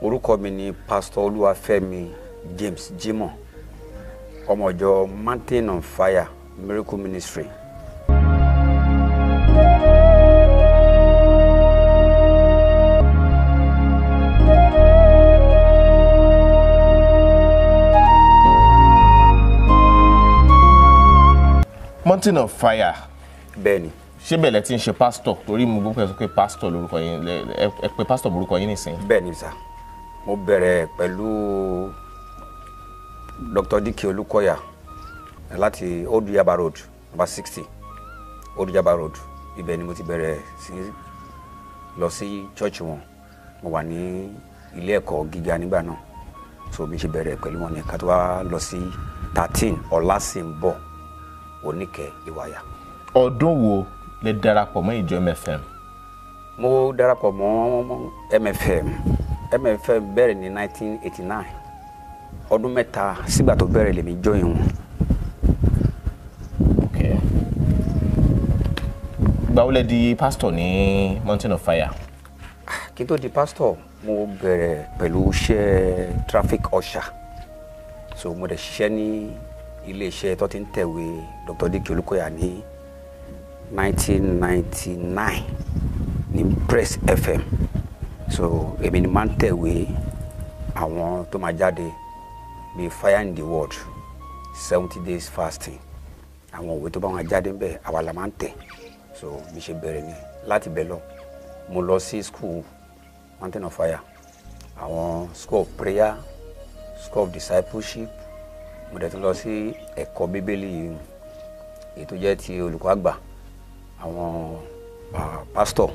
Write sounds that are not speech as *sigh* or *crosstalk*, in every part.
orúkọ mi ni pastor olúwafẹ́mi james Jimo, ọmọọjọ mountain on fire miracle ministry. mountain of fire. bẹ́ẹ̀ni. ṣé bẹ̀lẹ̀ tí ń ṣe pásítọ̀ torí mo gbọ́ pé pásítọ̀ lórúkọ yín ẹ pé pásítọ̀ lórúkọ yín nìsín. bẹ́ẹ̀ni sá mo bẹ̀rẹ̀ pẹ̀lú Dr. Dike Olukoya láti old yaba road number sixty old yaba road ibẹ̀ ni mo ti bẹ̀rẹ̀ sí lọ sí church wọn mo wà ní ilé ẹ̀kọ́ gíga nígbà náà so mi ṣe bẹ̀rẹ̀ pẹ̀lú wọn ni ká tó wá lọ sí thirteen ọ̀làsìnbọ̀ oníkẹ́ ìwàyà. ọdún wo lè darapọ̀ mọ́ ìjọ MFM. mo darapọ̀ mọ́ MFM MFM bẹ̀rẹ̀ ní 1989 ọdún mẹ́ta sígbà tó bẹ̀rẹ̀ lèmi join wọn. ìgbà wo lẹ di pastor ní Mountain of Fire. Ah, kí n tó di pastor mo bẹ̀rẹ̀ pẹ̀lú iṣẹ́ traffic usher so mo dẹ̀ ṣiṣẹ́ ní iléeṣẹ́ tó ti ń tẹ̀wé Dr. Dike Olukoya ní 1999 ní Press FM so èmi ni máa ń tẹ̀wé àwọn tó máa jáde bíi fire in the world seventy days fasting àwọn òwe tó bá wọn jáde bẹ́ẹ̀ àwa la máa ń tẹ̀ so mi ṣe bẹ̀rẹ̀ ni láti bẹ̀ lọ mo lọ sí school mountain of fire àwọn school of prayer school of discipleship mo dẹ̀ tún lọ sí ẹ̀kọ́ bíbélì èyí tó jẹ́ ti olùkọ́ àgbà àwọn ah, pastor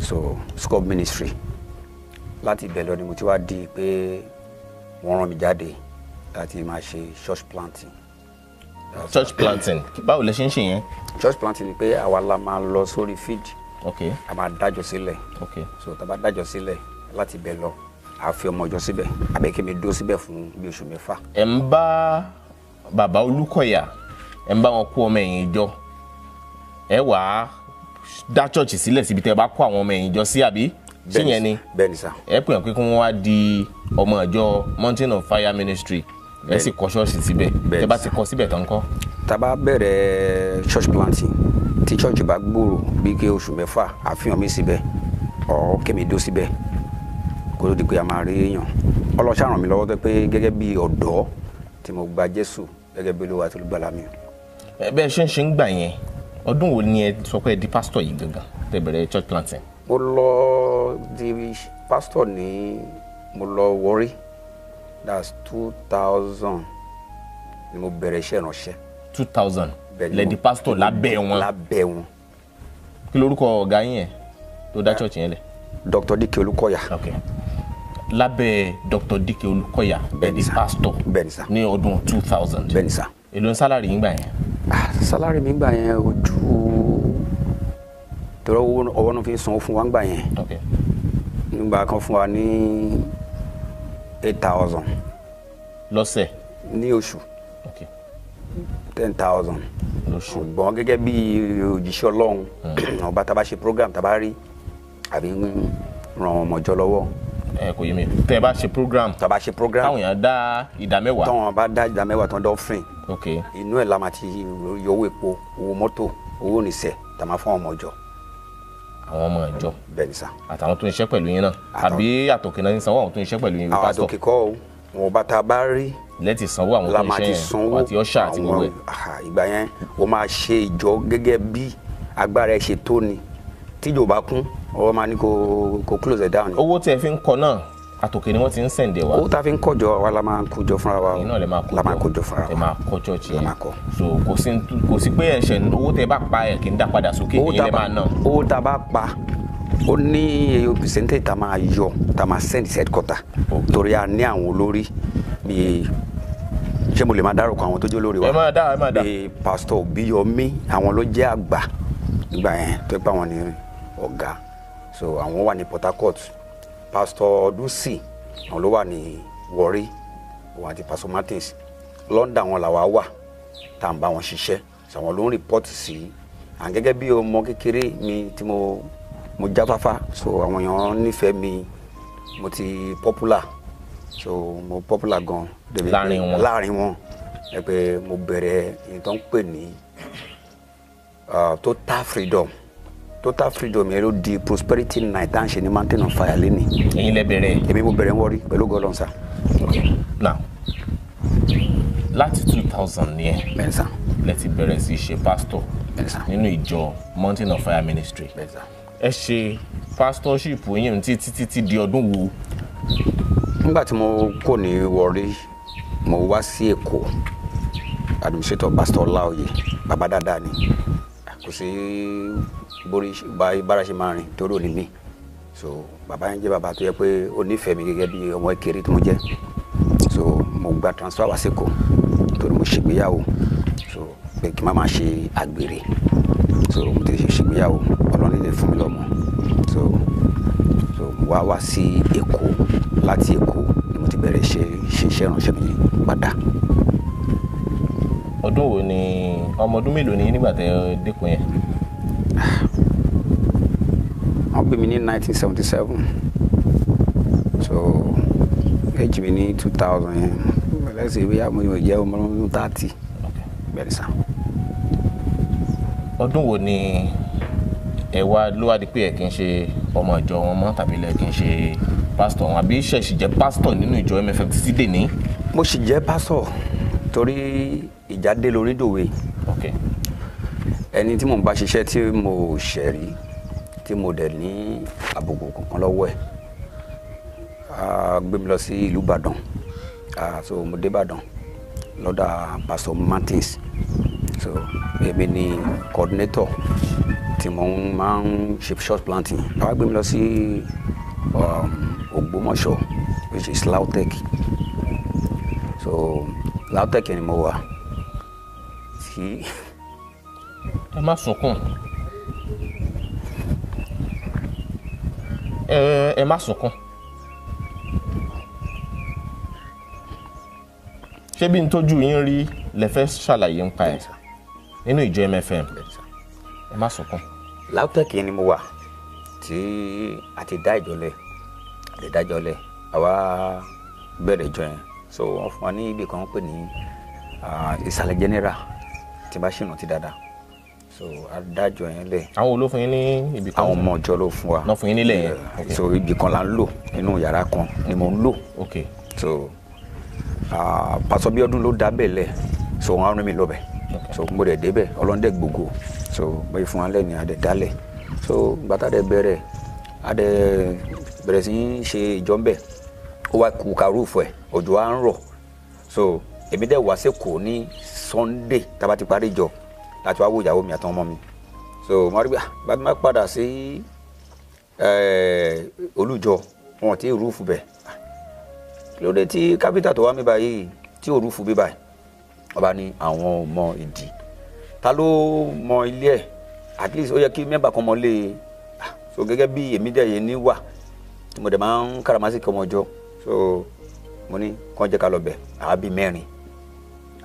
so scope ministry láti ibẹ̀ lọ ni mo ti wá di pé wọ́n rán mi jáde láti máa ṣe church planting. That's church planting báwo lẹ ṣe ń ṣe yẹn. church planting ni pé àwa la máa lọ sórí field okay. a máa dájọ́ sílẹ̀ okay. so tá a bá dájọ́ sílẹ̀ láti ibẹ̀ lọ a fi ọmọ ọjọ́ síbẹ̀ abẹ́kẹ́mi dó síbẹ̀ fún bí oṣù mẹ́fà. ẹ̀ ń bá bàbá Olúkọ̀yà ẹ̀ ń bá wọn kó ọmọ ẹ̀yìn jọ ẹ̀ wàá dá church sílẹ̀ síbi tẹ́ ẹ bá kó àwọn ọmọ ẹ̀yìn jọ sí àbí ṣé yẹn ni ẹ pè é pé kí wọ́n wá di ọmọ ìjọ Mountain of Fire Ministry ẹ sì kọ́ ṣọ́ọ̀ṣì síbẹ̀ tẹ́ bá ti kọ́ síbẹ̀ tán kọ́. tá bá bẹ̀rẹ̀ church planting tí church bá gbòòrò bí kí oṣù mẹ́fà àfihàn mi síbẹ̀ ọ̀ kémi dó síbẹ̀ kó ló di pé a máa rí èèyàn ọlọ́ṣà ràn mí lọ́wọ́ pé gẹ́gẹ́ bí ọ̀dọ́ tí mo gba Jésù gẹ́gẹ́ bí Olúwa tó ló gbàlá ẹ bẹ́ẹ̀ ṣe ń ṣe ń gbà yẹn ọdún wo ni ẹ sọ pé ẹ di pastor yìí gangan tẹ́ bẹ̀rẹ̀ church planting. mo lọ di pastor ní mo lọ Warri that's two thousand ni mo bẹ̀rẹ̀ iṣẹ́ ìránṣẹ́. two thousand lẹ di pastor lábẹ́ wọn. lábẹ́ wọn. kí lorúkọ ọ̀gá yín yẹn tó dá church yẹn lẹ̀. Dr. Dike Olúkọ̀yà. Okay lábẹ́ Dr. Dike Olúkọ̀yà ẹ di pásítọ̀ ní ọdún two thousand. bẹ́ẹ̀ni sá. èlò ń sálárì yín gbà yẹn sálárì mi gbà yẹn ò ju tọrọ owó ọwọ́ náà fi sanwó fún wa gbà yẹn nígbà kan fún wa ní eight thousand. lọ́sẹ̀. ní oṣù ten thousand. ṣùgbọ́n gẹ́gẹ́ bí òjíṣẹ́ ọlọ́run hmm. *clears throat* ọba tá a bá ṣe program tá a bá rí àbí ràn ọmọjọ lọ́wọ́ ẹ kò yé mi tẹ bá ṣe program. tọ́ bá ṣe program. táwọn èèyàn dá ìdá mẹ́wàá. tọ́wọ́n bá dá ìdá mẹ́wàá tán dán inú ẹ̀ la máa ti yọ owó epo owó mọ́tò owó nìṣẹ́ tá a máa fún ọmọ ìjọ. àwọn ọmọ ìjọ bẹ́ẹ̀ ni sà. àtàwọn tó ń ṣiṣẹ́ pẹ̀lú yín náà àbí àtòkè náà ń sanwó àwọn tó ń ṣiṣẹ́ pẹ̀lú yín. àwọn àtòkè kọ́ o wọn bá tá bá rí. lẹ́tì sanwó àwọn tó ń ṣe yẹn àti ọ̀ṣà àti gbogbo ẹ̀. ìgbà yẹn o máa ṣe ìjọ gẹ́gẹ́ bí agbára ẹ̀ ṣe tó ni tíjọba kún ọwọ́ close down. owó tí ẹ fi ń kọ àtòkè ni wọ́n ti ń sẹ̀ǹdẹ̀ wa. owó tá a fi ń kọjọ wa la máa ń fúnra wa. iná la máa kójọ fúnra wa. ẹ máa kọ chọ́ọ̀chì yẹn so kò sí kò sí pé ẹ̀ṣẹ̀ owó tẹ bá pa ẹ̀ kì í dá padà sókè ìyẹn lè máa ná. owó tá a bá pa ó ní èyí pèsèntè tá a máa yọ tá a máa sẹ́ǹdì sí headquarter torí a ní àwọn olórí bíi ṣé mo lè máa dárúkọ àwọn tó jẹ́ olórí wa. ẹ máa dá ẹ máa dá. bíi pásítọ̀ Bíyọ̀mí àwọn ló jẹ́ àgbà nígbà yẹn tó pé àwọn ni ọ̀gá so àwọn wà ní Port Harcourt pastor Dusi àwọn ló wà ní Warri òun àti pastor Martins London wọn làwa wà tá à ń bá wọn ṣiṣẹ́ sàwọn ló ń rìpọ́tì sí à ń gẹ́gẹ́ bí ọmọ kékeré mi tí mo mo jáfáfá so àwọn èèyàn nífẹ̀ẹ́ mi mo ti popular so mo popular gan débi láàrin wọn láàrin wọn ẹ pé mo bẹ̀rẹ̀ nǹkan pè ní ah, total freedom total freedom yẹn ló di prosperity night tá à ń ṣe ní mountain of fire lẹ́nu. ẹ̀yin lẹ bẹ̀rẹ̀. èmi mo bẹ̀rẹ̀ ń wọrí pẹ̀lú gọlọ́n sá. now láti two thousand ni ẹ. bẹ́ẹ̀ sá. lẹ ti bẹ̀rẹ̀ sí ṣe pastor. bẹ́ẹ̀ sá. nínú ìjọ mountain of fire ministry. bẹ́ẹ̀ sá. ẹ ṣe pastorship yín títí títí di ọdún wo. nígbà tí mo kò ní wọrí mo wá sí èkó administrator pastor láòyè bàbá dáadáa ni kò sí borí bára ṣe máa rìn torí òní mi so bàbá yẹn jẹ́ bàbá tó yẹ pé ó nífẹ̀ẹ́ mi gẹ́gẹ́ bí ọmọ ìkéré tó mo jẹ́ so mo gba transfer wá sí kò torí mo ṣègbéyàwó so pé kí n má máa ṣe àgbèrè so mo ti ṣègbéyàwó ọlọ́run lè fún mi lọ́mọ so so wá wá sí èkó láti èkó ni mo ti bẹ̀rẹ̀ ṣe ṣe iṣẹ́ ìránṣẹ́ mi padà ọdún wo ni ọmọ ọdún mélòó ni nígbà tẹ ẹ dẹ́kun yẹn. wọ́n bí mi ní nineteen seventy seven so age mi ní two thousand yẹn lẹ́sìn ìwé àmọ́ ìwé jẹ́ ọmọ ọdún thirty bẹ́ẹ̀ sá. ọdún wo ni ẹ wá ló wá di pé ẹ kì í ṣe ọmọ ìjọ wọn mọ́ tàbí lẹ kì í ṣe pásítọ̀ wọn àbí ṣẹ̀ṣì jẹ́ pásítọ̀ nínú ìjọ MFM títí ní. mo sì jẹ́ pásítọ̀ torí ìjà lórí dòwe ẹni tí mò ń bá ṣiṣẹ́ tí mo ṣẹ̀ rí tí mo dẹ̀ ní àbùkù kankan lọ́wọ́ ẹ̀ gbé mi lọ sí ìlú Ìbàdàn so mo dé Ìbàdàn lọ́dà Pastor Martins so èmi ni coordinator tí mo máa ń ṣe short planting àwa gbé mi lọ sí um, Ògbómọ̀ṣọ́ which is Lautech so lautech ni mo wà tí. ẹ má sunkún ẹ ẹ má sunkún ṣé bí n tójú yín rí lè fẹ́ ṣàlàyé ń pa ẹ̀ nínú ìjọ MFM ẹ má sunkún. lautech ni mo wà tí a ti dá ìjọ lẹ̀ lè dájọ́ lẹ̀ àwa bẹ̀rẹ̀ ìjọ yẹn so wọ́n fún wa ní ibì kan pè ní ìsàlẹ̀ general tí bá ṣìnà ti dáadáa so adájọ́ yẹn lẹ̀. àwọn wo ló fún yín ní ibì kan. àwọn ọmọ ọjọ́ ló fún wa. lọ yín nílẹ̀ yẹn. Eh, so ibì kan la ń lò nínú yàrá kan ni mo ń lò. ok so pásọ bíọ́dún ló dábẹ̀ lẹ̀ so wọ́n á rán mi lọ so mo dẹ̀ débẹ̀ ọlọ́ndẹ̀ gbogbo so bẹ́ẹ̀ fún wa lẹ́nu adẹ̀ dálẹ̀ so gbàtà dẹ̀ bẹ̀rẹ̀ adẹ̀ bẹ̀rẹ̀ sí í ṣe ìjọ́ńbẹ̀ ó wá kú karúfù ẹ̀ òjò á so èmi dẹ̀ wá sẹ́kọ̀ọ́ ní sunday tába ti parí ìjọ láti wá wo ìyàwó mi àtàwọn ọmọ mi so mo rí ah, bá mi má padà sí eh, olùjọ wọn ti rúfù bẹ̀ ah, lóde tí kápítà tó wá mi báyìí ti ò rúfù bí báyìí wọ́n bá ní àwọn ò mọ ìdí ta ló mọ ilé ẹ̀ at least ó yẹ kí mẹ́bà kan mọ lé e ah, so gẹ́gẹ́ bí èmi dẹ̀ yẹn ní wà tí mo dẹ̀ máa ń káràmásìkì ọmọ ọjọ́ so mo ní kàn jẹ́ ká lọ bẹ̀ àwa bíi mẹ́rin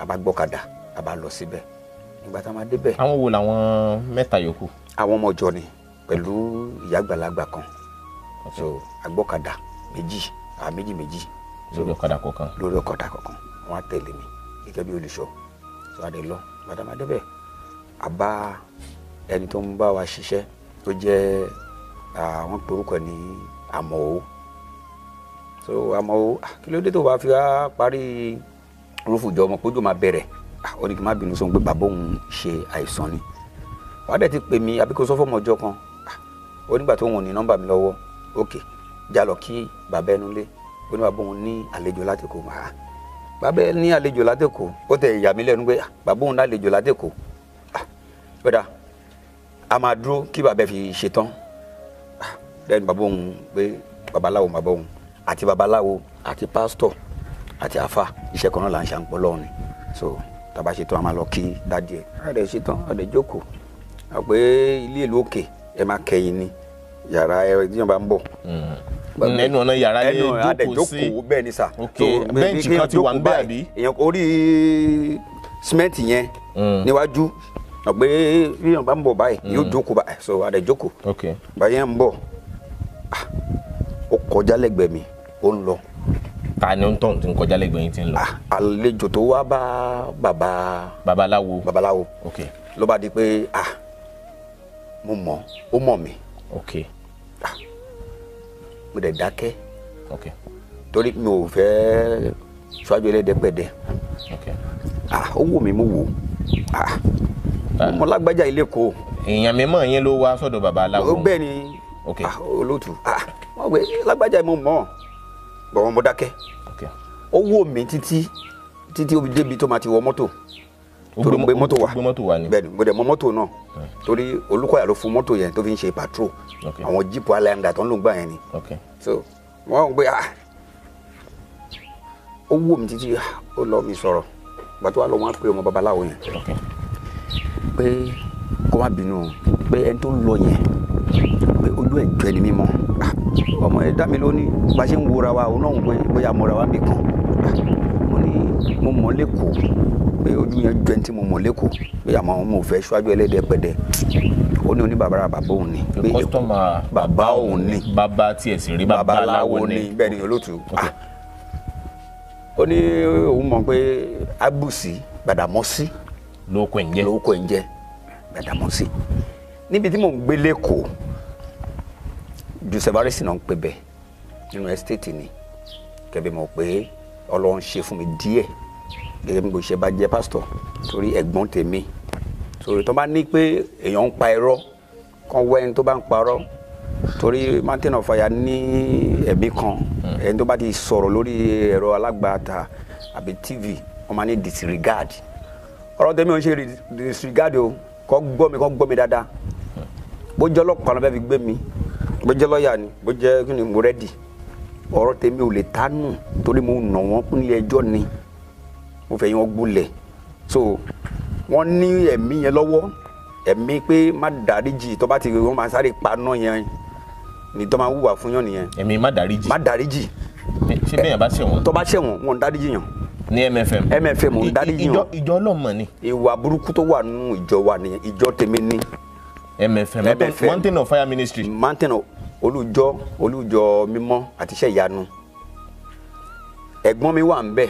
àbá gbọ́kadà àbá lọ síbẹ̀ ìgbà tá a máa débẹ̀. àwọn wo làwọn mẹ́ta yòókù. àwọn ọmọ ọjọ́ ni pẹ̀lú ìyá àgbàlagbà kan so agbọ́kadà méjì àwa méjì méjì. lórí ọ̀kadà kọ̀ọ̀kan. lórí ọ̀kadà kọ̀ọ̀kan wọ́n á tẹ̀lé mi gẹ́gẹ́ bí olùṣọ́ so a lè lọ ìgbà tá a máa débẹ̀ àbá ẹni tó ń bá wa ṣiṣẹ́ tó jẹ́ àwọn orúkọ ní àmọ́ o so àmọ́ o ah, kí ló dé tó bá fi wá parí rúfù jọ ọmọ pójú máa bẹ̀rẹ̀ ah, ó ní kí n má bínú sóhun pé bàbá òun ṣe àìsàn ni wàá dẹ̀ ti pè mí àbí kó sọ fọ́mọ ọjọ́ kan ah, ó nígbà tó òun ní nọ́mbà mi lọ́wọ́ ok já lọ kí bàbá ẹnu lé ó ní bàbá òun ní àlejò láti kó máa bàbá ẹ ní àlejò láti kó ó tẹ ìyá mi lẹ́nu pé bàbá òun ní àlejò láti kó gbẹdà a máa dúró kí bàbá fi ṣetán lẹ́nu bàbá òun pé babaláwo bàbá òun àti babaláwo àti pásítọ̀ àti àfa iṣẹ́ kan náà là ń ṣe à ń pọ̀ lọ́wọ́ ni so tàbá ṣetán a máa lọ kí dádìẹ ọ̀rẹ́ ṣetán ọ̀rẹ́ jókòó àpé ilé ìlú òkè ẹ máa kẹ́yìn ni yàrá ẹ tíyan bá ń bọ̀. Hmm. Hmm. ẹnu ọ̀nà yàrá yẹn jókòó sí ẹnu bẹ́ẹ̀ ni sà. ok bẹ́ǹchì kan ti wà ń bẹ́ẹ̀ àbí. èèyàn orí símẹ́ǹtì yẹn hmm. níwájú àpé tíyan ń bọ̀ báyìí yóò jókòó báyìí so ọ̀rẹ́ jókòó. ok báyẹn ń bọ̀ ah, ó kọjá lẹ́gbẹ̀ẹ́ mi ó ń lọ. ta ni ó ń tọ̀hún kọjá lẹ́gbẹ̀ẹ́ yín tí ń lọ. Ah, àlejò tó wá bá bàbá. babaláwo babaláwo ok ló bá di pé ah mo mọ̀ ó mọ̀ mi. ok ah mo dẹ̀ dákẹ́. ok torí mi ò fẹ́ ṣáájú ẹlẹ́dẹ́gbẹ̀dẹ́. ok ah ó wù mí mo wò ah mo lágbájá ilé kó. èèyàn mímọ́ yẹn ló wá sọ́dọ̀ babaláwo. ó bẹ́ẹ̀ ni olótù ah wọ́n gbé lágbájá mo mọ̀ bọ̀wọ́ mo dákẹ́ ó wò mí títí títí ó fi débi tó máa ti wọ mọ́tò torí mo gbé mọ́tò wá bẹ́ẹ̀ ni mo dẹ̀ mọ mọ́tò náà hmm. torí Olúkọ̀yà ló fún mọ́tò yẹn tó fi ń ṣe patrol àwọn jíìpù Highlander tó ń lò ń gbà yẹn ni so wọ́n á gbé ah ó wò mí títí ah. ó lọ mi sọ̀rọ̀ ìgbà tó wà lọ wọ́n á pè ọmọ babaláwo yẹn pé kó má bínú pé ẹni tó lọ yẹn pé ojú ẹ̀ jọ ẹni mímọ́ ọmọ yẹn dá mi lónìí bá ṣe ń wura wa òun náà ń pé bóyá mo ra wa bì kan mo ní mo mọ̀ lẹ́kọ̀ọ́ pé ojú yẹn jẹ́ tí mo mọ̀ lẹ́kọ̀ọ́ pé àmọ́ mo fẹ́ ṣáájú ẹlẹ́dẹ̀ pẹ̀dẹ̀ ó ní oníbàbára bàbá òun ni. kọ́sítọ́mà bàbá òun ni bàbá tí ẹ̀ sì rí babaláwo ni bẹ́ẹ̀ ni olóòtú ah. ó ní òun mọ̀ pé abùsí gbàdàmọ́sí lóko ẹ̀ ń jẹ́ lóko ẹ̀ ń jẹ́ gbàdàmọ́sí níbi tí mò ń gbé lẹ́kọ̀ọ́ Joseph Harrison náà ń pè bẹ́ẹ̀ nínú estate ni kẹ́bí mọ̀ pé Ọlọ́run ṣe fún mi díẹ̀ gẹ́gẹ́ bí mo ṣe bá jẹ́ pásítọ̀ torí ẹ̀gbọ́n tèmi torí tó bá ní pé èèyàn ń pa irọ́ kan wẹ́ ẹni tó bá ń parọ́ torí mountain of fire ní ẹ̀mí kan hmm. ẹni tó bá ti sọ̀rọ̀ lórí ẹ̀rọ alágbàtà àbí tv wọ́n máa ní disregard ọ̀rọ̀ tèmi ò ń ṣe disregard o kọ́ gbọ́ mi kọ́ gbọ́ mi dáadáa bó jẹ́ ọlọ́pàá ló fi gbé mi bó jẹ́ lọ́ọ̀yà ni bó jẹ́ kí ni mo rẹ́dì ọ̀rọ̀ tèmi ò lè tánù torí mo nà wọ́n kún ilé ẹjọ́ ni mo fẹ́ yín wọ́n gbolẹ̀ so wọ́n ní ẹ̀mí yẹn lọ́wọ́ ẹ̀mí pé má dáríjì tó bá ti wọ́n máa sáré paná yẹn ni tó máa wùwà fún yàn nìyẹn. ẹ̀mí má dáríjì. má dáríjì. ṣé bẹ́ẹ̀ yẹn bá ṣẹ̀wọ̀n. tó bá ṣẹ̀wọ̀n wọn dáríjì yàn ní mfm mfm ń dárí yìí hàn ìjọ ọlọmọ ni. ìwà burúkú tó wà nínú ìjọ wa nìyẹn ìjọ tèmi ni. mfm mountain of fire ministry. mountain of olùjọ olùjọ mímọ́ àti iṣẹ́ ìyanu ẹ̀gbọ́n mi wà ń bẹ̀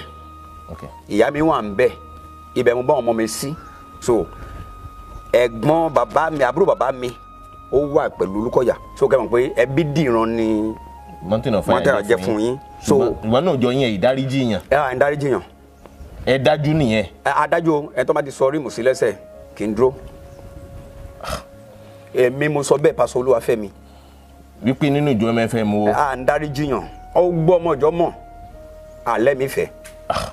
ìyá mi wà ń bẹ̀ ibẹ̀ mo bá ọmọ mi sí so ẹ̀gbọ́n bàbá mi àbúrò bàbá mi ó wà pẹ̀lú Olúkọ̀yà so kẹ́ mọ̀ pé ẹbí dìran ni mountain of fire jẹ́ fún yín so ìwọ náà jọ yín ẹ̀ ìdáríjì yàn. Ah, ẹ à ń dáríjì yàn. ẹ dájú nìyẹn. adájú ẹ tó bá ti sọ rímù sí lẹ́sẹ̀ kì í dúró ah. èmi mo sọ bẹ́ẹ̀ pásọ Olúwafẹ́mi wípé nínú ìjọ mẹ́fẹ́ mu o. à ń dárí jiyàn ó gbọ́ ọmọjọ́ mọ̀ alẹ́ mi fẹ́ ah.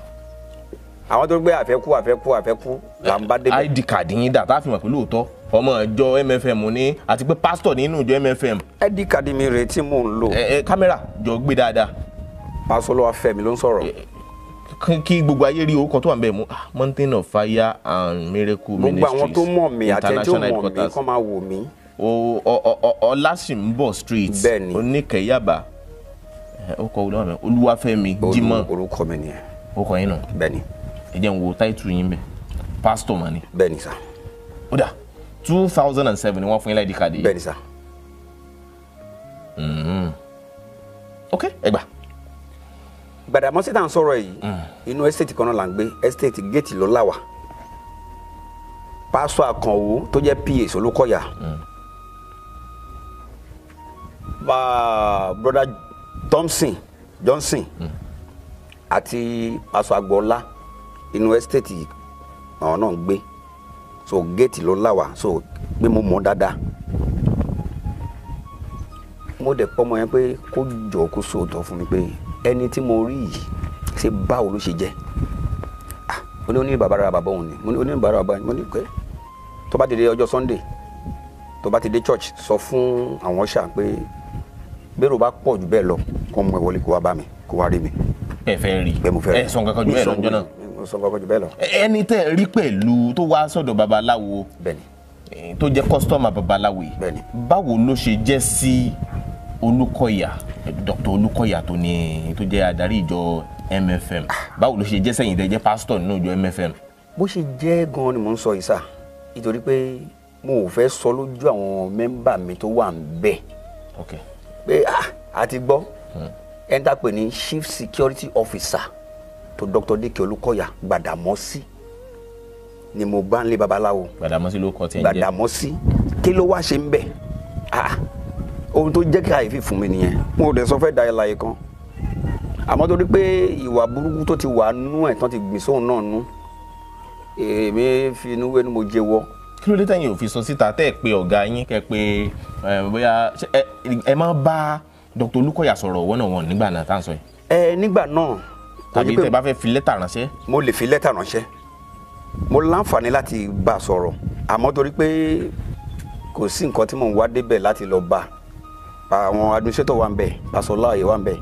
àwọn tó gbé àfẹ́kù àfẹ́kù àfẹ́kù là ń bá débẹ̀. Eh, id card yín dà tá a fi mọ̀ pé lóòótọ́ ọmọ ìjọ mfm ní àti pé pásítọ̀ nínú ìjọ mfm. id card mi rèé tí mò ń lò. ẹ eh, ẹ eh, kámẹ́rà jọ gbé dáadáa. pásọlọ́wọ́ fẹ́mi ló ń sọ̀rọ̀ kí gbogbo ayé rí orúkọ tó wà nbẹ mú ah, mountain of fire and miracle ministries international headquarters. gbogbo àwọn tó mọ̀ mí àtẹ̀jọ́ mọ̀ mí kọ́ máa wò mí ọlásìmbọ̀ street oníkẹyàbá ọkọ olúwa mi olúwafẹ́mi jimọ orúkọ mi nìyẹn orúkọ yín nù bẹ́ẹ̀ni ẹ jẹ́ n wo táìtù yín bẹ pásítọ̀ mọ ni sá ó dà two thousand and seven ni fún yín láìdí káàdì yìí sá mm-hmm. ok ẹ gbà. Gbàdàmọ́sí tá à ń sọ̀rọ̀ yìí mm. inú estate kan náà là ń gbé estate gate ló là wà pásọ tó jẹ́ pa solókọ̀yà. Mm. Ba brother Thompson Johnson àti pásọ agboola inú ẹ́stéètì àwọn náà gbé so géètì ló láwà so pé mo mọ̀ dáadáa mo dẹ̀ pọ́ ọmọ yẹn pé kó jọ kó sóòótọ́ fún mi pé ẹni tí mo rí yìí ṣe báwo ló ṣe jẹ́ ah, mo ní oní bàbá rà bàbá òun ni mo ní oní bàbá rà bàbá mo ní pé tó bá ti dé ọjọ́ Sunday tó bá ti dé church sọ fún àwọn ṣáà pé bẹ́ẹ̀ ló bá pọ̀ jù bẹ́ẹ̀ lọ kó mú ẹ wọlé kó wá bá mi kó wá rí mi. ẹ fẹ́ rí bẹ́ẹ̀ mo fẹ́ rí ẹ sọ nǹkan kan jù bẹ́ẹ̀ lọ jọ́nà. mo sọ nǹkan kan jù bẹ́ẹ̀ lọ. ẹni tẹ́ ẹ rí pẹ̀lú tó wá sọ́dọ̀ babaláwo tó jẹ́ kọ́sítọ́mà babaláwo yìí báwo ló ṣe jẹ́ sí Olúkọ̀yà Dr. Olúkọ̀yà tó ní tó jẹ́ adarí ìjọ MFM ah. báwo ló ṣe jẹ́ sẹ́yìn tẹ́ jẹ́ pásítọ̀ nínú ìjọ MFM. bó ṣe jẹ́ gan-an ni mò ń sọ yìí sá nítorí pé mo ò fẹ́ sọ lójú àwọn mẹ́mbà mi tó wà ń bẹ̀. okay pé ah, a ti gbọ́ hmm. ẹni pè ní chief security officer tó dr dike olùkọ́yà gbàdámọ́sí ni mo bá ń lé babaláwo gbàdámọ́sí ló kọ́ tí ń jẹ́ gbàdámọ́sí kí ló wá ṣe ń bẹ̀ ah, ohun tó jẹ́ kàyéfì fún mi nìyẹn mo ò dẹ̀ sọ fẹ́ da ẹ̀ láyé kan àmọ́ torí pé ìwà burúkú tó ti wà nú ẹ̀ tán ti gbìn sóun náà nú èmi fi inú wẹ́nu mo jẹ́wọ́ kí ló dé tẹ̀yìn ò fi sọ síta tẹ́ ẹ pé ọ̀gá yín kẹ́ pé bóyá ẹ máa bá Dr. Olúkọ̀yà sọ̀rọ̀ wọ́nà wọn nígbà náà tá à ń sọ yìí. ẹ nígbà náà. tàbí tẹ́ bá fẹ́ fi lẹ́tà ránṣẹ́. mo lè fi lẹ́tà ránṣẹ́ mo láǹfààní láti bá a sọ̀rọ̀ àmọ́ torí pé kò sí nǹkan tí mò ń wá débẹ̀ láti lọ bá àwọn administrator wa ń bẹ pásọ láàyè wa ń bẹ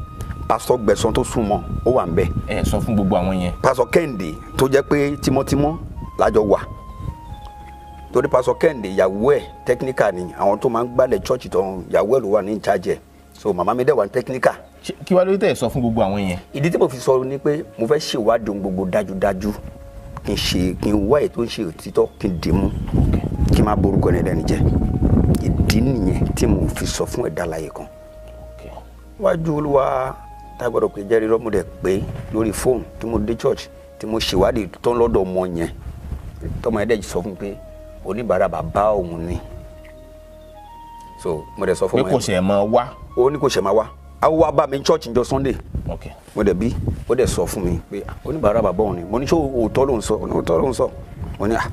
pásọ gbẹ̀san tó súnmọ́ ó wà ń bẹ. ẹ sọ fún gbogbo àwọn yẹn. pásọ kẹ́hìndé tó jẹ́ pé tímọ́tímọ́ lájọ wà torí pásọ kẹ́hìndé ìyàwó ẹ̀ technical ni àwọn tó máa ń gbálẹ̀ church tó ń ìyàwó ẹ̀ ló wà ní ìjájẹ̀ so màmá mi dẹ̀ wà ní technical. kí wàá lórí tẹ̀ sọ fún gbogbo àwọn yẹn. ìdí tí mo fi sọ ni pé mo fẹ́ ṣèwádìí ohun gbogbo dájúdájú kí n ṣe kí n wá èyí tó ń ṣe òtítọ́ kí n dì mú kí n má borúkọ ní ẹlẹ́ni jẹ́ ìdí nìyẹn tí mo fi sọ fún ẹ̀dá kan. wájú olúwa tágbọ́dọ̀ pé jẹ́rìí lọ́mọdé pé lórí fóònù tí mo dé church tí mo ṣèwádìí tó ń lọ́dọ̀ ọmọ yẹn tọmọ ẹ̀dẹ̀ sọ fún mi pé oníbàárà bàbá òun ni so mo dẹ̀ sọ fún wọn. pé kò ṣe máa wá. ó ní kò ṣe máa wá awo wa bá mi church njọ́ sunday mo dẹ̀ bí ó dẹ̀ sọ fún mi pé ah, oníbàárà bàbá òun ni mo ní sọ òótọ́ ló ń sọ òótọ́ ló ń sọ mo ní à ah.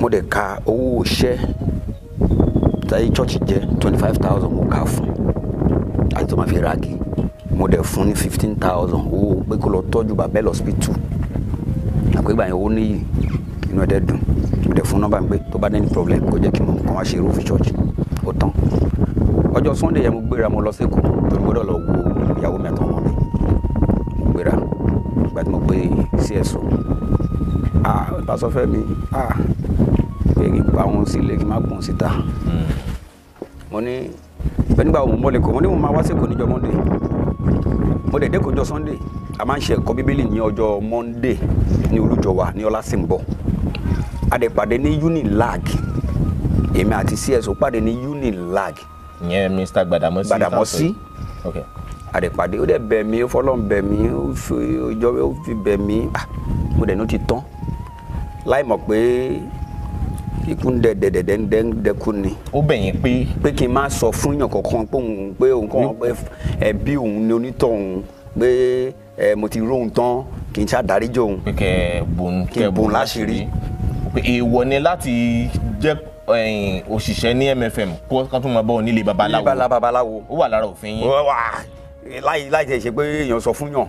mo dẹ̀ ka owó iṣẹ́ táyé church jẹ́ twenty five thousand mo kà fún àti tó máa fi ráàgì mo dẹ̀ fún ní fifteen thousand owó pé kó lọ tọ́jú bàbá ẹ̀ lọ́sibítù àpégbà yẹn owó níyì inú ẹ̀ dẹ̀ dùn mo dẹ̀ fún nọ́mbà mi tó bá dẹ́ni problem kó jẹ́ kí n mọ̀ kàn wá ṣe irú fi church ó tán ọjọ́ sunday yẹn mo gbéra mo lọ sẹ́kọ̀ọ́ torí gbọ́dọ̀ lọ wo ìyàwó mi àtọmọ mi mo gbéra ìgbà mo gbé sí ẹ̀sọ́ ah pásọ fẹ́ mi ah pé kí n pa òun sílé kí n má gùn síta mo ní bẹ́ẹ̀ nígbà òun mọ́lẹ̀ kọ́ mo ní mo máa wá sẹ́kọ̀ọ́ níjọ́ monday mo dẹ̀ dẹ́kọ̀ọ́ jọ sunday a máa ń ṣe ẹ̀kọ́ bíbélì ní ọjọ́ monday ní olújọ wa ní ọlásìnbọ̀ àdèpàdé ní unilag èmi àti cso pàdé ní unilag. ìyẹn mr gbadamosi gbadamosi àdèpàdé ó dẹ̀ bẹ̀ mí ó fọlọ́n bẹ̀ mí ó fi ọjọ́ ó fi bẹ̀ mí mo dẹ̀ ní ó ti tán láì mọ̀ pé ikú ń dẹ dẹdẹdẹ ń dẹ ń dẹkú ni. ó bẹ̀yìn pé. pé kí n má sọ fún yàn kankan pé òun pé òun kàn ẹbí òun ni onítọ̀hún pé mo ti róhun tán kì í ṣàdáríjì òun. pé kẹ bòun kẹ bòun láṣìírí èèwọ̀ ni láti jẹ́ òṣìṣẹ́ ní MFM kó kán tún máa bọ́ onílé babaláwo ilé babaláwo ó wà lára òfin yín. láì láì tẹ̀ ṣe pé èèyàn sọ fún yàn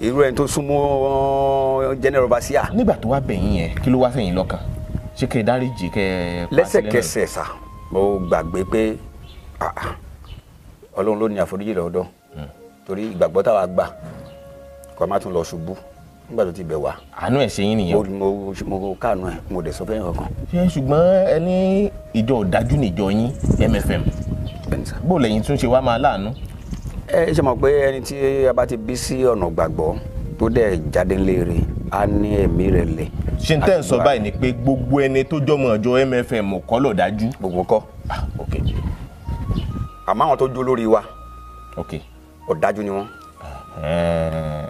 irú ẹni tó súnmọ́ general basia. nígbà tó wá bẹ̀yìn yẹn kí ló wá sẹ́yìn lọ́kàn ṣé kẹ́ ẹ dáríjì kẹ́ ẹ. lẹ́sẹ̀kẹsẹ̀ sà mo gbàgbé pé ọlọ́run ló ní àforíjì lọ́dọ̀ hmm. torí ìgbàgbọ́ táwa gbà kó a má tún lọ ṣubú nígbà tó ti bẹ̀ wá. àánú ẹ̀ ṣe yín nìyẹn. mo mo mo káànú ẹ mo dẹ̀ sọ fẹ́yìn kankan. ṣé ṣùgbọ́n ẹ ní ìjọ ọ̀dájú níjọ yín MFM bó lẹ́yìn tún ṣe wá máa láàánú. ẹ ṣe mọ̀ pé ẹni tí a bá ti bí sí ọ̀nà gbàgbọ́ tó dẹ̀ jáde léèrè a ní ẹ̀mí rẹ̀ lẹ̀. ṣe ń tẹ́ ń sọ báyìí ni pé gbogbo ẹni tó jọmọ ọjọ́ MFM kọ́ ló dájú. gbogbo kọ́ ah, àmọ́ àwọn tó jó lórí wa ọ̀dájú ni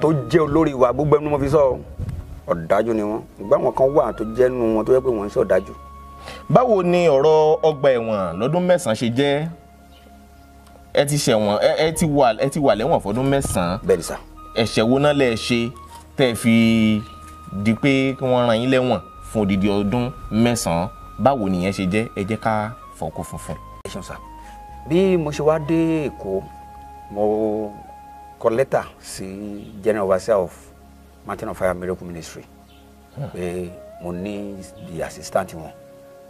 tó jẹ́ olórí wa gbogbo ẹnu mo fi sọ ọ̀dájú ni wọ́n ìgbà wọn kan wà tó jẹ́ nu wọn tó yẹ pé wọ́n ń sọ ọ̀dájú. báwo ni ọ̀rọ̀ ọgbà ẹ̀wọ̀n lọ́dún mẹ́sàn-án ṣe jẹ́ ẹ ti ṣẹ̀wọ̀n ẹ ti wà ẹ ti wà lẹ́wọ̀n fọdún mẹ́sàn-án bẹ́ẹ̀ ni sà ẹ̀ṣẹ̀ wo náà lẹ ṣe tẹ́ fi di pé kí wọ́n ran yín lẹ́wọ̀n fún odidi ọdún mẹ́sàn-án báwo nìyẹn ṣe jẹ́ ẹ jẹ́ ká fọkó funfun. ẹ ṣeun sà bí mo ṣe wá dé èkó mo kọ lẹ́tà sí general overseer of Mountain of Fire Miracle Ministry hmm. pé mo ní di assistant wọn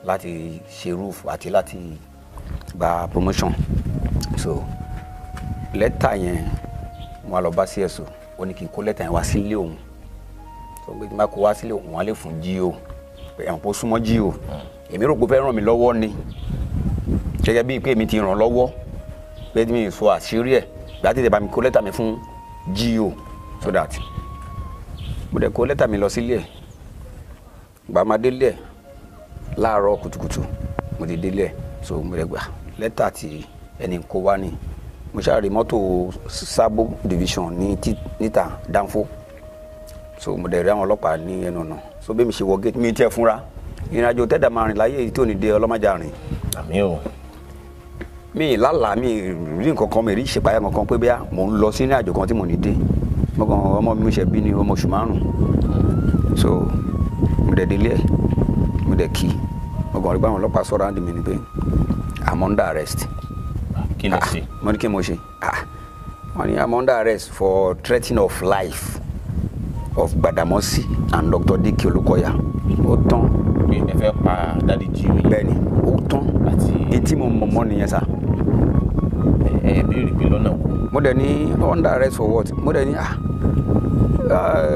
láti ṣe roof àti láti gba promotion so lẹ́tà yẹn mo lọ bá CSO ó ní kí n kó lẹ́tà yẹn wá sílé òun tó gbé tí n bá kó wá sílé òun wọn á lè fún GO ẹ̀wọ̀n kó súnmọ́ o èmi rò pé fẹ́ ràn mí lọ́wọ́ ni gẹ́gẹ́ bíi pé èmi ti ràn lọ́wọ́ pé mi ì àṣírí ẹ̀ gbàtí tẹ bá mi kó lẹ́tà mi fún GO so that mo dẹ̀ kó lẹ́tà mi lọ sílé ẹ̀ gbà máa délé ẹ̀ láàárọ̀ kùtùkùtù mo ti délé ẹ̀ so mo dẹ̀ gbà lẹ́tà tí ẹni kó wá ni mo ṣàrí mọ́tò sábò division ní níta dánfó so mo dẹ̀ rí àwọn ọlọ́pàá ní ẹnu ọ̀nà so bí mi ṣe wọ gate mi tiẹ̀ fúnra ìrìnàjò tẹ́dà máa rìn láyé tí ò ní dé ọlọ́mọdé àrìn. àmì o mi lálàá mi rí nǹkan kan mi rí ìṣèpáyà kankan pé bẹ́ẹ̀ mò ń lọ sí ní àjò kan tí mò ní dé gbọ́n ọmọ mi ṣe bí ní ọmọ oṣù márùn so mo dẹ̀ délé ẹ̀ mo dẹ̀ kí gbọ́n rí báwọn ọlọ́pàá sọ̀rọ̀ àǹdí mi ni pé I'm under arrest. kí ló ah, ṣe. mo ní kí mo ṣe ah, wọ́n ní I'm under arrest for threatening of life of Gbadamosi and Dr. Dike Olukoya ó tán. ẹ fẹ́ pa dádì jí oyin tán etí mo mọ̀ mọ́ nìyẹn sà. ẹ ẹ béèrè pé lọ́nà wo. mo dẹ̀ ní under arrest for what mo dẹ̀ ní ah, ah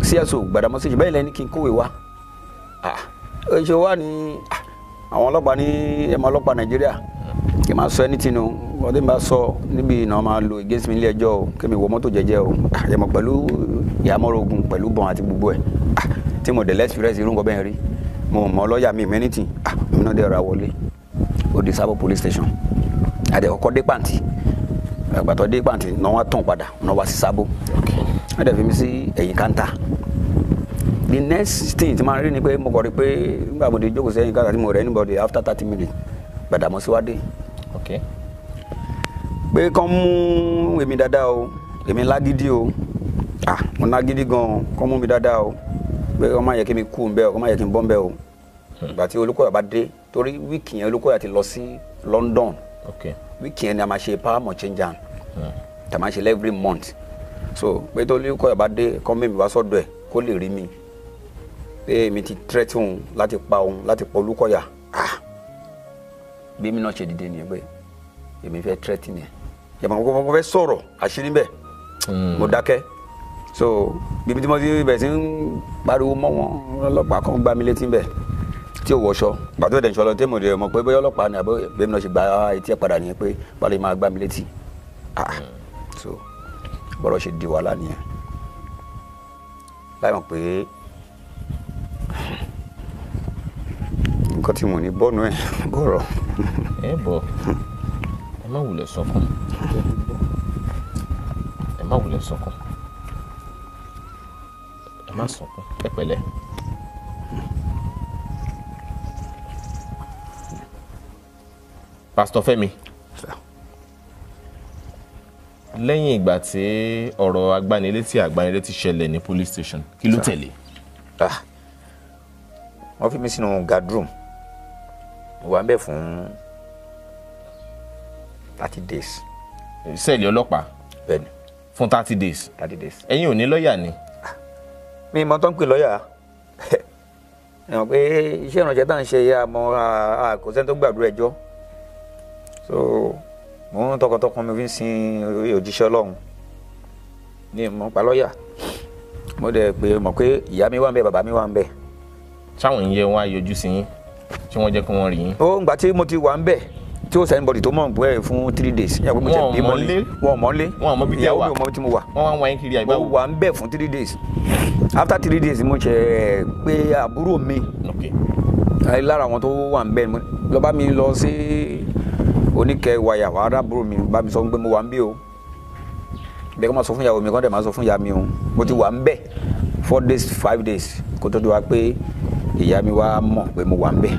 cso Gbàdámọ́sí bẹ́ẹ̀ lẹ́ni kí n kówé wa ṣe wá ah, ní ah, àwọn ọlọ́pàá ní ẹ̀mọ ọlọ́pàá Nàìjíríà kí n máa sọ ẹni tinú ọdún bá sọ níbi ìnáwó máa lo against mi ilé ẹjọ́ o kí mi wọ mọ́tò jẹ́jẹ́ o àyẹ̀mọ̀ pẹ̀lú ìyàmọ́rọ̀ ogun pẹ̀lú bọ̀n àti gbogbo ẹ̀ tí mo dẹ̀ lẹ́sìrẹ́sì irú nǹkan bẹ́ẹ̀ rí mo mọ̀ lọ́ọ̀yà mi mẹ́nìtì náà dẹ̀ wọlé òde police station àdẹ dé pàǹtí àgbàtọ dé pàǹtí náà wá tàn padà náà wá sí sábò wọn mi sí ẹ̀yìn káńtà the next thing ti máa rí ni pé mo kọ̀ rí pé nígbà mo di jókòó sẹ́yìn káńtà tí mo rẹ̀ anybody after thirty minutes gbàdàmọ́ síwádé pé kán mú èmi dáadáa o èmi lágídí o ah mo lágídí gan-an kán mú mi dáadáa o pé kán má kí mi kú ń o kán má kí n bọ́ ń o ìgbà tí Olúkọ̀yà bá dé torí wíìkì yẹn Olúkọ̀yà ti lọ sí London wíìkì yẹn ni a máa ṣe power mọ̀chẹ́njà hmm. tà máa ṣe every month so pé tó Olúkọ̀yà bá dé kọ́ mímì wá sọ́dọ̀ ẹ̀ kó lè rí mi pé èmi ti tẹ́tí òun láti pa òun láti pa Olúkọ̀yà ah bí mi náà ṣe dìde nìyẹn pé èmi fẹ́ tẹ́tí nìyẹn yàtọ̀ mo mo fẹ́ sọ̀rọ̀ àṣírí bẹ́ẹ̀ hmm. mo dákẹ́ so bíbi tí mo ti bẹ̀rẹ̀ sí ń pariwo mọ́ wọn ọlọ́pàá kan gbá mi létí bẹ́ẹ̀ tí ò wọṣọ gbàtọ́ ìdẹ̀nsọ lọ tẹ́mọ̀ rẹ̀ mọ̀ pé bóyá ọlọ́pàá ni àbẹ́ bẹ́ẹ̀ náà ṣe gba etí ẹ̀ padà nìyẹn pé balẹ̀ máa gbá mi létí ah, ah. so bọ́lọ̀ ṣe di wàhálà nìyẹn láì mọ̀ pé nǹkan tí mo ní bọ́ọ̀nù ẹ̀ bọ̀rọ̀. ẹ bọ ẹ má wulẹ̀ sọkún ẹ má wulẹ̀ sọkún ẹ má sọkún ẹ Pastor Fẹ́mi lẹ́yìn ìgbà tí ọ̀rọ̀ agbanilétí agbanilétí ṣẹlẹ̀ ní police station kí ló tẹ̀lé. Ah. wọ́n fi mí sínú guardroom mo wà ń bẹ̀ fún thirty days. sẹ́ẹ̀lì ọlọ́pàá. bẹ́ẹ̀ni. fún thirty days. thirty days. ẹ̀yin ò ní lọ́ọ̀yà ni. Ah. mi mọ tó ń pè lọ́ọ̀yà *laughs* ẹ̀ mọ̀ pé iṣẹ́ ìrànjẹ́ tá à ń ṣe yá mọ́ kò tó gbàdúrà ẹjọ́ so mò ń tọkàntọkàn mi fi ń sin òjíṣẹ́ ọlọ́run ní ìmọ̀ palọ́yà mo dẹ̀ pé mọ̀ pé ìyá mi wà ń bẹ̀ bàbá mi wà ń bẹ̀. sáwọn ìyẹn wọn yọjú sí yín tí wọ́n jẹ́ kí wọ́n rí yín. ó ǹgbà tí mo ti wà ń bẹ̀ tí ó sẹ́ni bọ̀dì tó mọ̀ bọ́ ẹ̀ fún three days. wọn mọ̀ lé lé wọn mọ̀ bí tẹ́ ìyàwó mi ò mọ̀ bí tí mo wà. wọn wá ń wá yín kiri àyíbáwò. mo wà ń bẹ̀ fún three days after three days mo ṣe pé àbúrò mi lára àwọn tó wà ń bẹ̀ lọ́ba mi lọ sí oníkẹ́ wáyà wàá rábùrù mi bá mi sọ pé mo wà ń bí o bẹ́ẹ̀ kó máa sọ fún ìyàwó mi kó dẹ̀ máa sọ fún ìyá mi o mo ti wà ń bẹ̀ four days five days kó tó di wa pé ìyá mi wá mọ̀ pé mo wà ń bẹ̀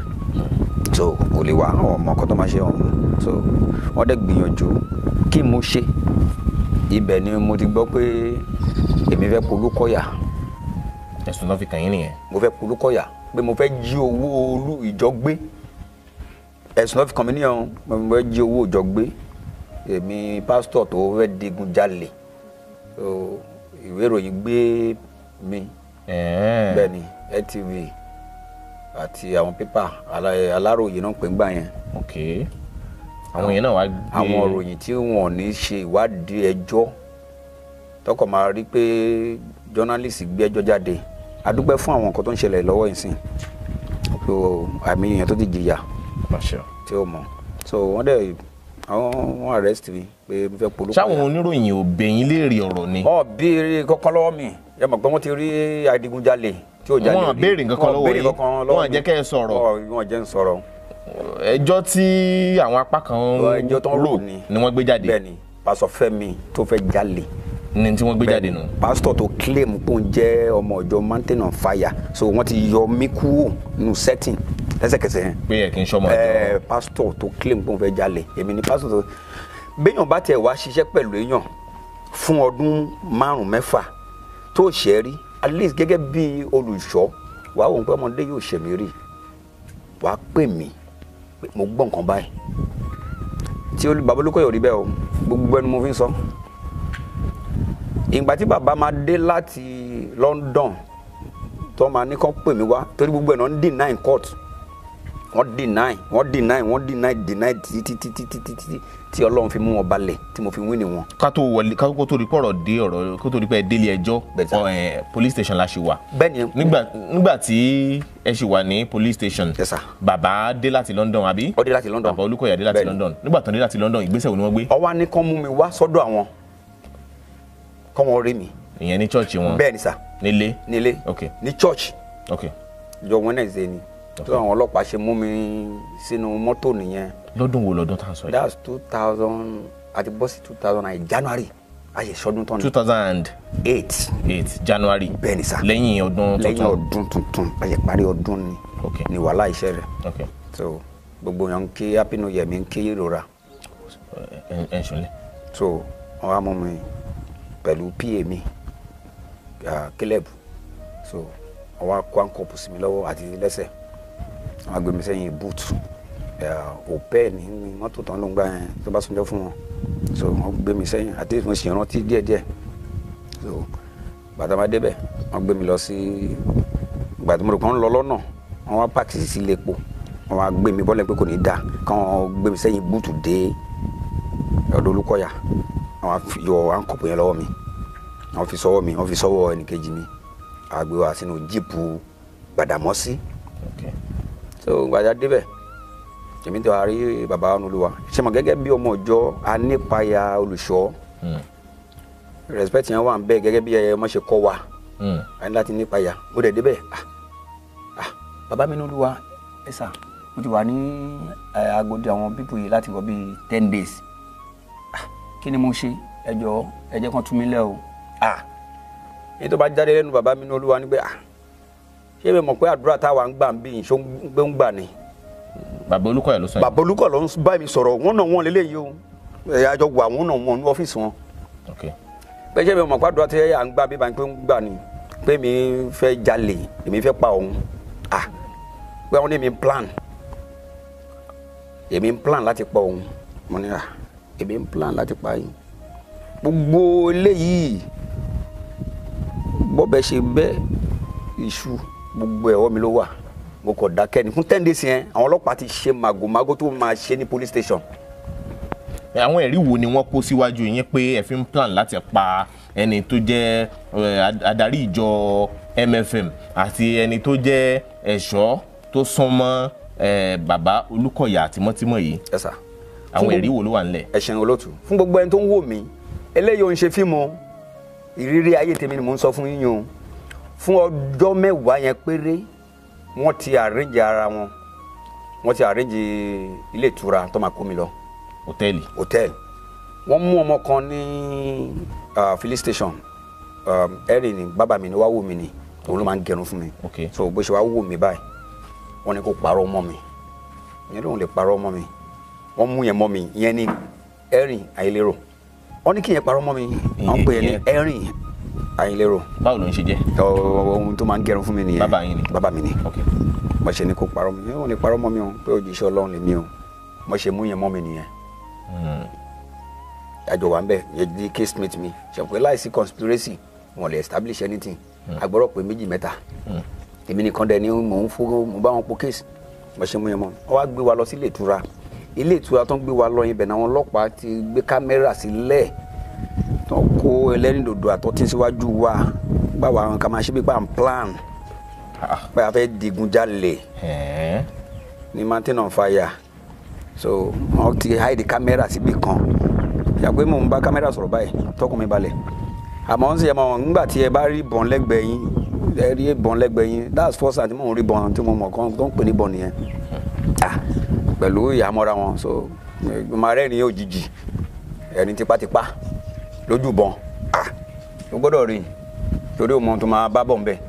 so kò lè wà àwọn ọmọ kan tó máa ṣe ọ̀hún so wọ́n dẹ̀ gbìyànjú kí mo ṣe ibẹ̀ ni mo ti gbọ́ pé èmi fẹ́ polúkọ̀yà. ẹ̀sùn náà fi kàn yín nìyẹn. mo fẹ́ polúkọ̀yà pé mo fẹ́ jí owó olú ìjọ gbé ẹ̀sùn lọ́ọ́ fi kàn mí níyàn mo fẹ́ jí owó ìjọ gbé èmi pásítọ̀ tó fẹ́ digun jalè ìwé ìròyìn gbé mi bẹ́ẹ̀ ni LTV àti àwọn pépà aláròyìn náà pè ń gbà yẹn. okay àwọn yẹn náà wá gbé àwọn òròyìn tí wọn ò ní ṣe ìwádìí ẹjọ́ tọkọ máa rí pé jọ́nálìsì gbé ẹjọ́ jáde a dúpẹ́ fún àwọn nǹkan tó ń ṣẹlẹ̀ lọ́wọ́ ìsìn àmì èèyàn tó ti jìyà tí ó mọ̀ so wọ́n dẹ̀ àwọn wọn arrest mi pé mo fẹ́ polówó. sáwọn oníròyìn ò bẹ̀yìn léèrè ọ̀rọ̀ ni. ọ béèrè kọ́kọ́ lọ́wọ́ mi ẹ mọ̀ pé wọ́n ti rí adigunjalè tí ò jalè rí. wọ́n béèrè kankan lọ́wọ́ yìí wọ́n jẹ́ kẹ́ ẹ sọ̀rọ̀. wọ́n jẹ́ ń sọ̀rọ̀. ẹjọ́ tí àwọn apá kan rò ni wọ́n gbé jáde. bẹ́ẹ̀ni pásọ Fẹ́mi tó fẹ́ jalè ni tí wọ́n gbé jáde nù. pásítọ̀ tó claim pé òun jẹ́ ọmọ ìjọ mountain on fire so wọ́n ti yọ mí kúrò nù setting lẹ́sẹ̀kẹsẹ̀ yẹn. pé ẹ kì í sọmọ ẹjọ. pásítọ̀ tó claim pé òun fẹ́ jalè èmi ni pásítọ̀ tó béèyàn bá tiẹ̀ wá ṣiṣẹ́ pẹ̀lú èèyàn fún ọdún márùn-ún mẹ́fà tó ṣẹ́ rí at least gẹ́gẹ́ bí olùṣọ́ wàá wò ó pé ọmọdé yóò ṣe mí rí wàá pè mí mo gbọ́ nǹkan báyìí tí bàbá Olúkọ̀yọ̀ rí bẹ́ẹ̀ o gbogbo ẹnu mo fi ń sọ ìgbà tí bàbá máa dé láti London tó máa ní kán pè mí wá torí gbogbo ẹ̀ náà ń nine court wọ́n deny wọ́n deny wọ́n deny deny títí títí títí títí tí fi mú wọn balẹ̀ tí mo fi wí ni wọn. ká tó wọlé ká kó tó rí pọ̀rọ̀ dé ọ̀rọ̀ kó tó rí pẹ́ délé ẹjọ́ police station la ṣe wà. bẹ́ẹ̀ni. nígbà nígbà tí ẹ ṣì wà ní police station. yes sir. bàbá dé láti London àbí. ó dé láti London. bàbá Olúkọ̀yà dé láti London. nígbà tán dé láti London ìgbésẹ̀ wo ni wọ́n gbé. ọwọ́ ni kán mú mi wá sọ́dọ̀ àwọn kán wọn rí mi. ìyẹn ní church wọn. bẹ́ẹ̀ni sir. nílé. nílé. ok ní church. ok. jọ wednesday ni tó àwọn ọlọ́pàá ṣe mú mi sínú mọ́tò nìyẹn. lọ́dún wo lọ́dún tá a sọ yìí. that's two thousand àti bọ́sì two thousand and January ayé sọdún tán ni. two thousand eight. eight January. bẹ́ẹ̀ni sá lẹ́yìn ọdún tuntun. lẹ́yìn ọdún tuntun ayé parí ọdún ni. ok ni wàhálà iṣẹ́ rẹ̀. ok so gbogbo yẹn ń ké happy new year mi ń ké ìrora. ẹ ẹ ṣọlẹ. so wọn wá mú mi pẹ̀lú pa mi ah, Caleb so wọn wá kó àǹkọ̀pù sí mi lọ́wọ́ àti lẹ́sẹ̀ wọn á gbé mi sẹ́yìn búùtù òpẹ́ ní mọ́tò tán ló ń gbà yẹn tó bá sunjọ́ fún wọn so wọn gbé mi sẹ́yìn àti mo sì rántí díẹ̀díẹ̀ so bàtà máa débẹ̀ wọn gbé mi lọ sí gbàdúmọ̀rò kan lọ lọ́nà wọn wá pàkì sí ilé epo wọn wá gbé mi bọ́lẹ̀ pé kò ní da káwọn gbé mi sẹ́yìn búùtù dé ọ̀dọ̀ Olúkọ̀yà wọn yọ àǹkọ̀pù yẹn lọ́wọ́ mi wọn fi sọ́wọ́ mi wọn fi sọ́wọ́ ẹnìkejì mi àgbéwà sínú jíìpù Gbàdámọ́sí. Okay so gbàdá débẹ̀ èmi tó a rí bàbá Ọlọ́run ṣe mọ̀ gẹ́gẹ́ bí ọmọ ọjọ́ anípayà olùṣọ́ hmm. respect yẹn wà ń bẹ gẹ́gẹ́ bí ẹ ọmọ ṣe kọ́ wa àyìn hmm. láti nípayà mo dẹ̀ débẹ̀ ah ah bàbá mi Olúwa ẹ sà mo ti wà ní agodi àwọn pípò yìí láti wọ bíi ten days ah kí ni mo ṣe ẹ jọ̀ọ́ ẹ jẹ́ kàn tú mi lẹ̀ o ah èyí tó bá jáde lẹ́nu bàbá mi Olúwa nígbẹ́ ah ṣé bẹ́ẹ̀ mọ̀ pé àdúrà táwa ń gbà ń bí ìṣó gbé ń gbà ni. bàbá olùkọ́ yẹn ló sọ yìí. bàbá olùkọ́ ló ń bá mi sọ̀rọ̀ wọn náà wọn lélẹ́yìí o ẹ̀yà àjọ wà wọn náà wọn ní ọ́fíìsì wọn. bẹ́ẹ̀ ṣé bẹ́ẹ̀ mọ̀ pé àdúrà tí à ń gbà bí bá pé ń gbà ni pé mi fẹ́ jalè èmi fẹ́ pa òun ah pé wọ́n ní mi plan èmi ń plan láti pa òun mo ní à èmi plan láti pa yín gbogbo eléyìí bọ́bẹ̀ ṣe bẹ́ẹ̀ iṣu gbogbo ẹ̀wọ́ mi ló wà mo kọ̀ dákẹ́ ni fún ten days yẹn àwọn ọlọ́pàá ti ṣe màgòmágó tó máa ṣe ní police station. àwọn ẹ̀rí wo ni wọ́n kó síwájú yín pé ẹ fi ń plan láti pa ẹni tó jẹ́ adarí ìjọ MFM àti ẹni tó jẹ́ ẹ̀ṣọ́ tó sún mọ́ bàbá Olúkọ̀yà tímọ́tímọ́ yìí. ẹ sà àwọn ẹ̀rí wo ló wà nílẹ̀. ẹ ṣeun olóòtú fún gbogbo ẹni tó ń wò mí eléyìí ò ń ṣe fíìmù ìrírí ayé tèmi ni mò ń sọ fún yín o fún ọjọ́ mẹ́wàá yẹn péré wọ́n ti àríjì ara wọn wọ́n ti àríjì ilé ìtura tó máa kó mi lọ. hòtẹ́ẹ̀lì. hòtẹ́ẹ̀lì wọ́n mú ọmọ kan ní filling station ẹ̀rìn um, ni bàbá mi ni wàá wò mí ni òun ló máa ń gẹrun fún mi so bó ṣe wàá wò mí báyìí wọ́n ní kó parọ́ mọ́ mi yẹn lóun lè parọ́ mọ́ mi wọ́n mú yẹn mọ́ mi yẹn ní ẹ̀rìn ayélérò wọ́n ní kí yẹn parọ́ mọ́ mi wọ́n pè é ní ẹ̀rìn Ayinlérò. báwo ló ń ṣe jẹ́. ohun tó máa ń gẹrun fún mi nìyẹn bàbá yín ni bàbá mi ni mo ṣe ni kó parọ́ mi wọn ni parọ́ mọ́ mi o pé òjíṣẹ́ Ọlọ́run lèmi o mo ṣe mú yẹn mọ́ mi nìyẹn àjọ hmm. wa ń bẹ yẹ di case meet mi ṣàpè láìsí conspiracy wọn lè establish anything hmm. agbọ́dọ̀ pé méjì mẹ́ta hmm. èmi nìkan dẹ̀ ni mò ń fún mo bá wọn po case mo ṣe mú yẹn mọ́ wọn wá gbé wa lọ sí ilé ìtura ilé ìtura tó ń gbé wa lọ yẹn bẹ̀ náà ọlọ́pàá ti gbé kámẹ́rà sílẹ̀. Si kó ẹlẹ́rìndòdò àtọ́tí síwájú wa báwa àwọn kan máa ṣe bí pa n plan ah. pé a fẹ́ digun jalè ní mountain on fire so wọn ti hide camera síbi kan yàgbé mò ń bá camera sọ̀rọ̀ báyìí tọkùn mi balẹ̀ àmọ́ ń sèyàn mọ̀ nígbà tí ẹ bá rí ìbọn lẹ́gbẹ̀ẹ́ yín ẹ rí ìbọn lẹ́gbẹ̀ẹ́ yín that's first time tí mò ń rí ìbọn tí mo mọ̀ kán tó ń pè ní ìbọn nìyẹn ah, pẹ̀lú ìyàmọ́ra wọn so màá rẹ́rìn-ín òjijì ẹ̀rín tipátipá lójúbọn ah o gbọ́dọ̀ rí torí o mọ tó máa bá bọ̀ ń bẹ́ẹ̀.